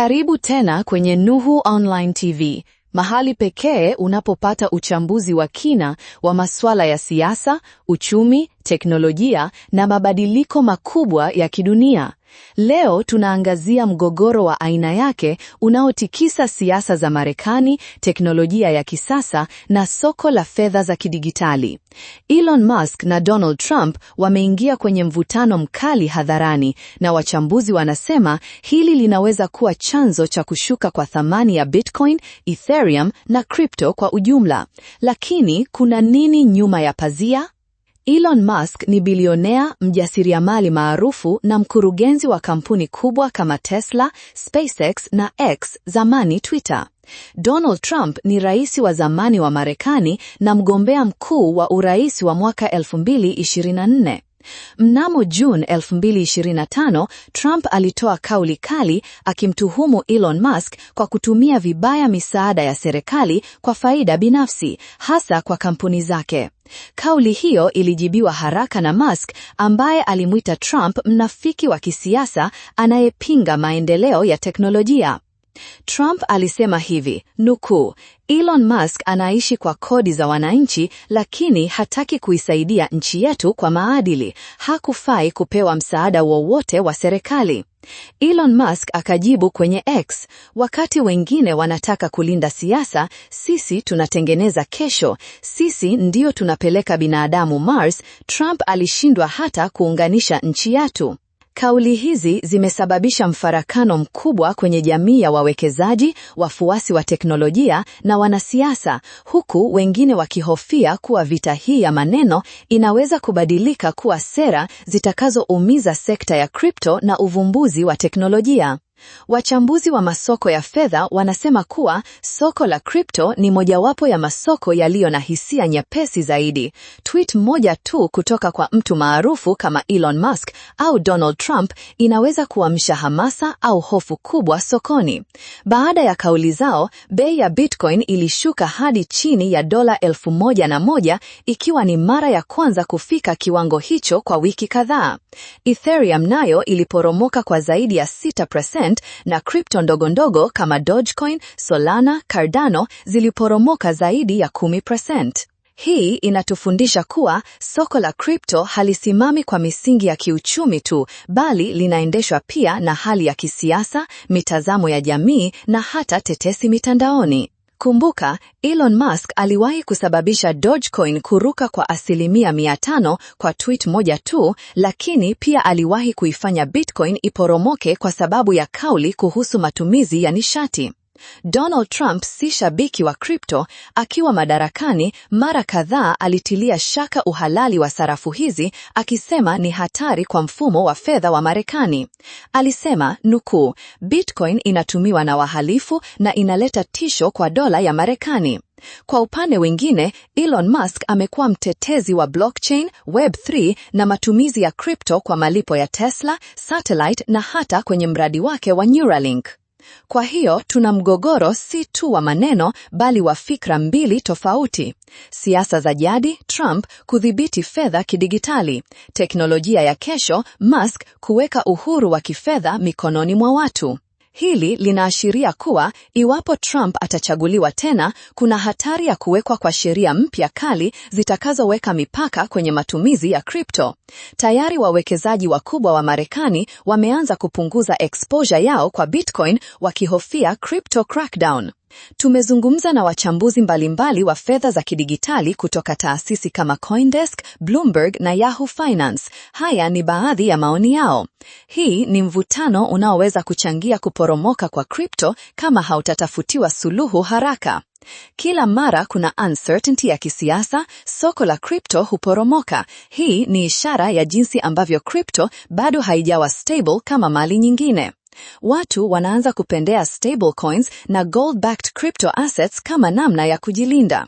Karibu tena kwenye Nuhu Online TV, mahali pekee unapopata uchambuzi wa kina wa masuala ya siasa, uchumi, teknolojia na mabadiliko makubwa ya kidunia. Leo tunaangazia mgogoro wa aina yake unaotikisa siasa za Marekani, teknolojia ya kisasa na soko la fedha za kidigitali. Elon Musk na Donald Trump wameingia kwenye mvutano mkali hadharani, na wachambuzi wanasema hili linaweza kuwa chanzo cha kushuka kwa thamani ya Bitcoin, Ethereum na crypto kwa ujumla. Lakini kuna nini nyuma ya pazia? Elon Musk ni bilionea, mjasiriamali maarufu na mkurugenzi wa kampuni kubwa kama Tesla, SpaceX na X, zamani Twitter. Donald Trump ni rais wa zamani wa Marekani na mgombea mkuu wa urais wa mwaka 2024. Mnamo June 2025, Trump alitoa kauli kali akimtuhumu Elon Musk kwa kutumia vibaya misaada ya serikali kwa faida binafsi, hasa kwa kampuni zake. Kauli hiyo ilijibiwa haraka na Musk ambaye alimwita Trump mnafiki wa kisiasa anayepinga maendeleo ya teknolojia. Trump alisema hivi, nukuu, Elon Musk anaishi kwa kodi za wananchi, lakini hataki kuisaidia nchi yetu kwa maadili. Hakufai kupewa msaada wowote wa serikali. Elon Musk akajibu kwenye X, wakati wengine wanataka kulinda siasa, sisi tunatengeneza kesho. Sisi ndio tunapeleka binadamu Mars. Trump alishindwa hata kuunganisha nchi yetu. Kauli hizi zimesababisha mfarakano mkubwa kwenye jamii ya wawekezaji, wafuasi wa teknolojia na wanasiasa, huku wengine wakihofia kuwa vita hii ya maneno inaweza kubadilika kuwa sera zitakazoumiza sekta ya kripto na uvumbuzi wa teknolojia. Wachambuzi wa masoko ya fedha wanasema kuwa soko la kripto ni mojawapo ya masoko yaliyo na hisia nyepesi zaidi. Tweet moja tu kutoka kwa mtu maarufu kama Elon Musk au Donald Trump inaweza kuamsha hamasa au hofu kubwa sokoni. Baada ya kauli zao, bei ya Bitcoin ilishuka hadi chini ya dola elfu moja na moja ikiwa ni mara ya kwanza kufika kiwango hicho kwa wiki kadhaa. Ethereum nayo iliporomoka kwa zaidi ya 6% Bitcoin na kripto ndogo ndogo kama Dogecoin, Solana, Cardano ziliporomoka zaidi ya 10%. Hii inatufundisha kuwa soko la kripto halisimami kwa misingi ya kiuchumi tu, bali linaendeshwa pia na hali ya kisiasa, mitazamo ya jamii na hata tetesi mitandaoni. Kumbuka, Elon Musk aliwahi kusababisha Dogecoin kuruka kwa asilimia mia tano kwa tweet moja tu, lakini pia aliwahi kuifanya Bitcoin iporomoke kwa sababu ya kauli kuhusu matumizi ya nishati. Donald Trump si shabiki wa kripto. Akiwa madarakani, mara kadhaa alitilia shaka uhalali wa sarafu hizi, akisema ni hatari kwa mfumo wa fedha wa Marekani. Alisema nukuu, Bitcoin inatumiwa na wahalifu na inaleta tisho kwa dola ya Marekani. Kwa upande wengine, Elon Musk amekuwa mtetezi wa blockchain, Web3 na matumizi ya kripto kwa malipo ya Tesla, satellite na hata kwenye mradi wake wa Neuralink. Kwa hiyo tuna mgogoro si tu wa maneno bali wa fikra mbili tofauti: siasa za jadi, Trump kudhibiti fedha kidigitali; teknolojia ya kesho, Musk kuweka uhuru wa kifedha mikononi mwa watu. Hili linaashiria kuwa iwapo Trump atachaguliwa tena, kuna hatari ya kuwekwa kwa sheria mpya kali zitakazoweka mipaka kwenye matumizi ya kripto. Tayari wawekezaji wakubwa wa Marekani wameanza kupunguza exposure yao kwa Bitcoin wakihofia crypto crackdown. Tumezungumza na wachambuzi mbalimbali wa fedha za kidigitali kutoka taasisi kama CoinDesk, Bloomberg na Yahoo Finance. Haya ni baadhi ya maoni yao. Hii ni mvutano unaoweza kuchangia kuporomoka kwa crypto kama hautatafutiwa suluhu haraka. Kila mara kuna uncertainty ya kisiasa, soko la crypto huporomoka. Hii ni ishara ya jinsi ambavyo crypto bado haijawa stable kama mali nyingine. Watu wanaanza kupendea stablecoins na gold-backed crypto assets kama namna ya kujilinda.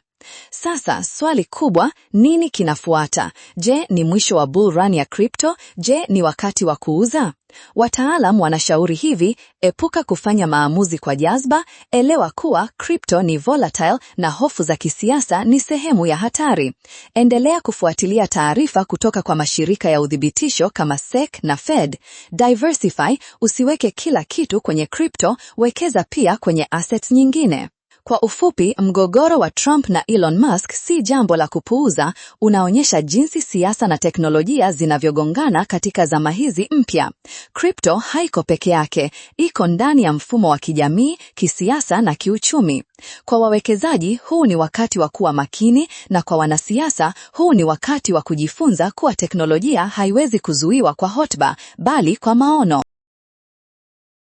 Sasa swali kubwa, nini kinafuata? Je, ni mwisho wa bull run ya crypto? Je, ni wakati wa kuuza? Wataalam wanashauri hivi: epuka kufanya maamuzi kwa jazba, elewa kuwa crypto ni volatile na hofu za kisiasa ni sehemu ya hatari. Endelea kufuatilia taarifa kutoka kwa mashirika ya udhibitisho kama SEC na Fed. Diversify, usiweke kila kitu kwenye crypto, wekeza pia kwenye assets nyingine. Kwa ufupi, mgogoro wa Trump na Elon Musk si jambo la kupuuza, unaonyesha jinsi siasa na teknolojia zinavyogongana katika zama hizi mpya. Crypto haiko peke yake, iko ndani ya mfumo wa kijamii, kisiasa na kiuchumi. Kwa wawekezaji, huu ni wakati wa kuwa makini, na kwa wanasiasa, huu ni wakati wa kujifunza kuwa teknolojia haiwezi kuzuiwa kwa hotuba, bali kwa maono.